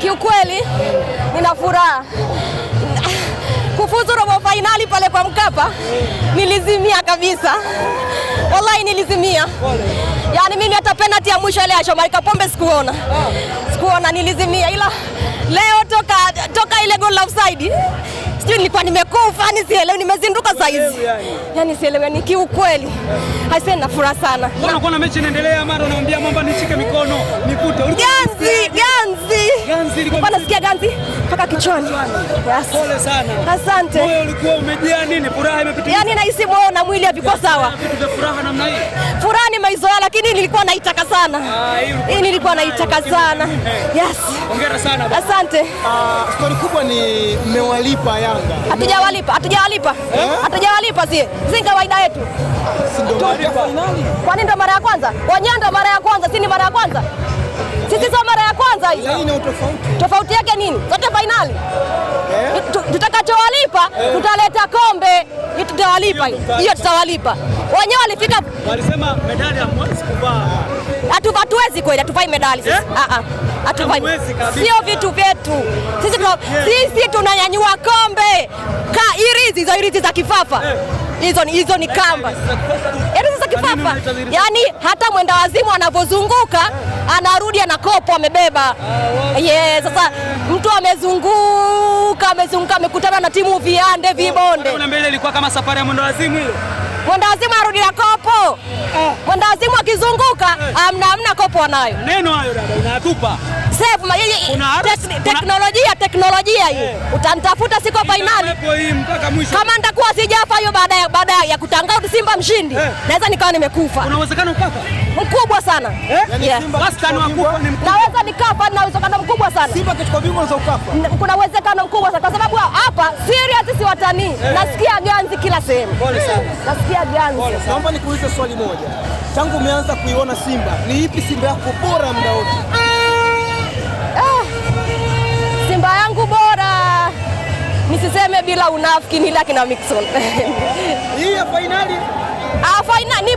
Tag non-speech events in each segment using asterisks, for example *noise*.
Kiukweli nina furaha kufuzu robo fainali pale kwa Mkapa, nilizimia kabisa, wallahi nilizimia. Yaani mimi hata penalty ya mwisho ile ya Shomari Kapombe sikuona, sikuona, nilizimia, ila leo toka, toka ile goal offside sijui nilikuwa nimekufa, yani sielewi, nimezinduka saa hizi yani sielewi, yani kiukweli eh. aisee, na furaha sana. Unakuwa na mechi inaendelea, mara unaambia mamba nishike mikono nikute ganzi ganzi ganzi, ilikuwa nasikia ganzi mpaka kichwani. Pole sana, asante. Moyo ulikuwa umejaa nini? Furaha imepitia, yani nahisi moyo na mwili haviko sawa, furaha namna hii, furaha Izola, lakini nilikuwa naitaka sana ah, hii nilikuwa naitaka sana Yes. Hongera sana. Asante. Uh, ah, stori kubwa ni mmewalipa Yanga. Hatujawalipa, hatujawalipa, eh? hatujawalipa eh? Si kawaida yetu, kwani ndo mara ya kwanza wenyewe, ndo mara ya kwanza, si ni mara ya kwanza sisi sio mara ya kwanza hii. Tofauti yake nini? Zote fainali yeah. Tutakachowalipa eh? Tutaleta kombe, tutawalipa hiyo, tutawalipa wenyewe walifika, walisema medali hamwezi kuvaa. Hatuwezi kweli, hatuvai medali sisi, eh? ah, ah, hatuvai, sio vitu vyetu sisi. tuna, Sisi tunanyanyua kombe ka irizi hizo, irizi za kifafa hizo eh. hizo ni kamba irizi za kifafa, yani, hata mwenda wazimu anavyozunguka anarudi ana kopo amebeba. Ah, yes, sasa mtu amezunguka amezunguka amekutana na timu viande vibonde. Mbele ilikuwa kama safari ya mwenda wazimu hiyo mwendawazimu arudi na kopo, eh. mwendawazimu akizunguka eh. amna amna kopo anayo. Neno hayo dada, unatupa teknolojia teknolojia hii yeah. Utanitafuta siko fainali kama nitakuwa sijafa hiyo, baada ya kutangaza Simba mshindi yeah. Naweza nikawa nimekufa, kuna uwezekano kufa mkubwa sana eh? yeah. Yeah. Yaani naweza nikafa, na uwezekano mkubwa sana Simba kichukua bingwa za ukafa, kuna uwezekano mkubwa sana kwa sababu hapa serious si watanii yeah. Nasikia ganzi kila sehemu yeah. Nasikia ganzi. Naomba nikuulize swali moja, tangu umeanza kuiona Simba, ni ipi Simba yako bora muda wote? nisiseme bila unafiki, ni nila na Mixon. Hii ya finali. Ah, fainali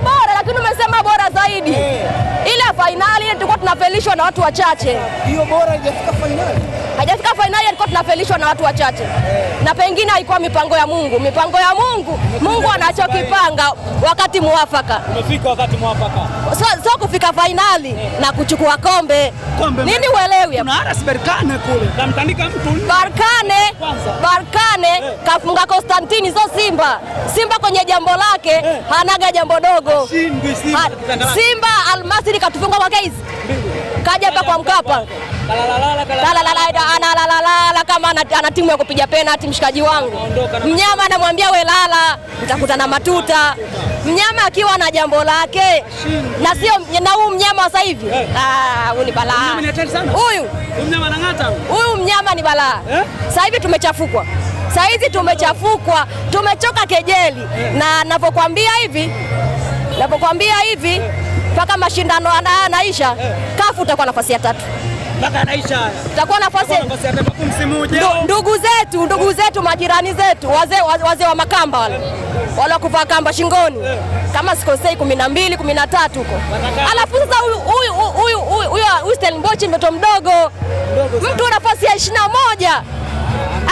sema bora zaidi hey. Eh. Ile fainali tulikuwa tunafelishwa na watu wachache, hiyo bora haijafika fainali, haijafika fainali, tulikuwa tunafelishwa na watu wachache hey. Eh. Na pengine haikuwa mipango ya Mungu, mipango ya Mungu Mekine Mungu anachokipanga wakati muafaka, umefika wakati muafaka, so, so kufika fainali hey. Eh. Na kuchukua kombe, kombe nini uelewi Barkane, Barkane hey. Kafunga Konstantini, so Simba Simba kwenye jambo lake hey. Hanaga jambo dogo Ashindis. Simba Almasri katufunga kwa guys, kaja hapa kwa Mkapa lala kama ana timu ya kupiga penati Mshikaji wangu mnyama anamwambia we lala, nitakutana matuta. Mnyama akiwa na jambo lake, na sio na huu mnyama wa sasa hivi. Eh. Ah, huyu ni balaa huyu huyu mnyama ni balaa. Eh? Sasa hivi tumechafukwa hizi tumechafukwa, tumechoka kejeli, eh. na navyokwambia hivi Napokwambia hivi mpaka mashindano anaisha, kafu utakuwa nafasi ya tatu utakuwa nafasi ndugu zetu ndugu zetu majirani zetu wazee wazee wa makamba wale wale wakuvaa kamba shingoni kama sikosei kumi na mbili kumi na tatu huko. Alafu sasa huyu Stellenbosch mtoto mdogo mtu nafasi ya ishirini na moja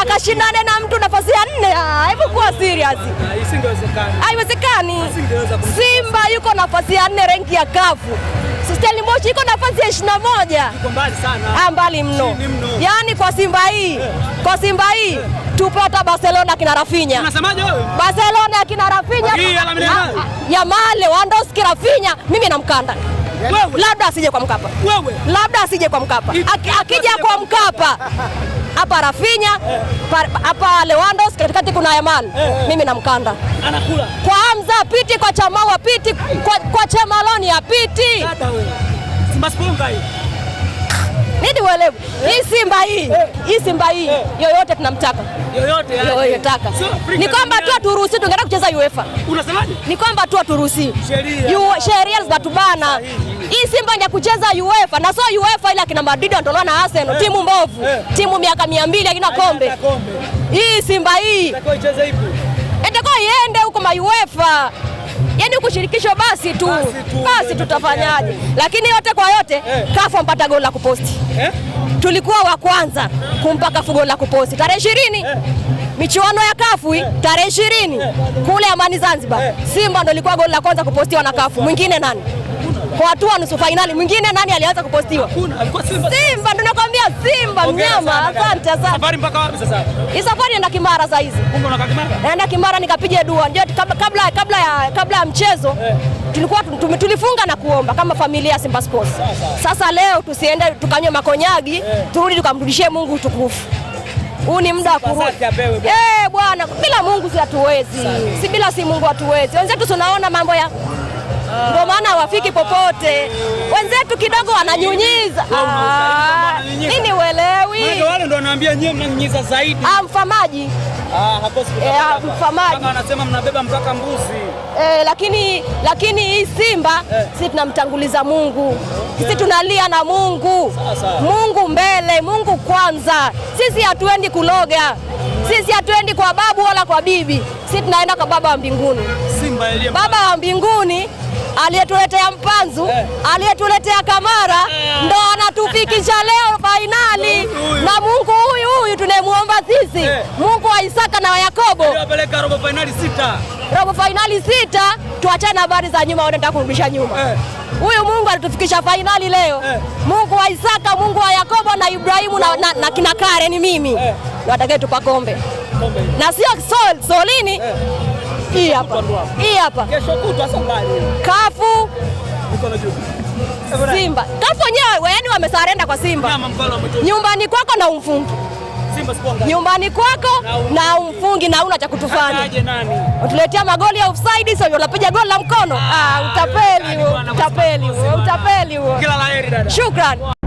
akashindane na mtu nafasi ya nne. Ah, hebu kuwa serious, ah, haiwezekani. Simba yuko nafasi ya nne renki ya kafu Steli Moshi iko nafasi ya ishirini na moja mbali ah, mno, yaani kwa Simba hii yeah. kwa Simba hii yeah. tupata Barcelona kina Rafinha, Barcelona kina Rafinha male Wandoski Rafinha, mimi namkanda labda asije kwa Mkapa, labda asije kwa Mkapa, akija kwa Mkapa *laughs* hapa Rafinya hapa Lewandos, katikati kuna Yamal, mimi na mkanda anakula kwa Hamza piti kwa Chamau piti kwa, kwa Chemaloni apiti nidi uelewe eh. eh. hii Simba hii hii eh. Simba hii yoyote tunamtaka yoyote, yoyote so, ni kwamba tu aturuhusi, tungeenda kucheza UEFA. Unasemaje? ni kwamba tu aturuhusi, sheria zinatubana hii Simba ndio kucheza UEFA na sio UEFA, ile kina Madrid wanatolewa na Arsenal, eh. timu mbovu, eh. timu miaka mia haina kombe. Hii Simba hii itakuwa iende huko UEFA. yaani ukushirikishwa basi tu basi tutafanyaje? Lakini yote kwa yote eh. kafu mpata goli la kuposti eh? Tulikuwa wa kwanza kumpa kafu goli la kuposti tarehe 20. michuano ya kafu tarehe 20 kule Amani Zanzibar Simba ndo likuwa goli la kwanza kupostiwa na kafu, mwingine nani? kwa hatua nusu fainali. Mwingine nani alianza kupostiwa? Simba, ndio nakwambia Simba mnyama. Asante sana. Safari mpaka wapi sasa? Hii safari enda Kimara saa hizi. Naenda Kimara nikapige dua. Ndio kabla, kabla ya kabla ya mchezo eh. tulikuwa tulifunga na kuomba kama familia Simba Sports. Sasa leo tusiende tukanywe makonyagi eh. turudi tukamrudishie Mungu utukufu. Huu ni muda wa kurudi eh bwana, bila Mungu si hatuwezi, si bila si Mungu hatuwezi. Wenzetu tunaona mambo ya ndio maana hawafiki popote. Wenzetu kidogo wananyunyiza ah, nini, uelewi? Wale ndio wanaambia nyie mnanyunyiza zaidi, ah, mfamaji ah, eh, mfamaji, anasema mnabeba mpaka mbuzi. E, lakini lakini hii Simba e, eh. sisi tunamtanguliza Mungu, sisi tunalia na Mungu sa, sa. Mungu mbele, Mungu kwanza. Sisi hatuendi kuloga, sisi hatuendi kwa babu wala kwa bibi, sisi tunaenda kwa Baba wa mbinguni. Simba, baba wa mbinguni aliyetuletea Mpanzu eh, aliyetuletea Kamara eh, ndo anatufikisha leo fainali na Mungu huyu huyu tunayemwomba sisi eh, Mungu wa Isaka na wa Yakobo apeleka robo fainali sita, robo fainali sita. Tuachane habari za nyuma, wanataka kurudisha nyuma eh. Huyu Mungu alitufikisha fainali leo eh. Mungu wa Isaka, Mungu wa Yakobo na Ibrahimu na, na, na kina Karen mimi eh. Nawatakia tupa kombe na sio sol, solini eh hii hapa, hii hapa kafu Simba kafu wenyewe, yaani wamesarenda kwa Simba. Nyumbani kwako na umfungi nyumbani kwako na umfungi na una cha kutufanya, utuletea magoli ya offside, sio unapiga goli la mkono. Ah, ah utapeli utapeli utapeli. Shukrani.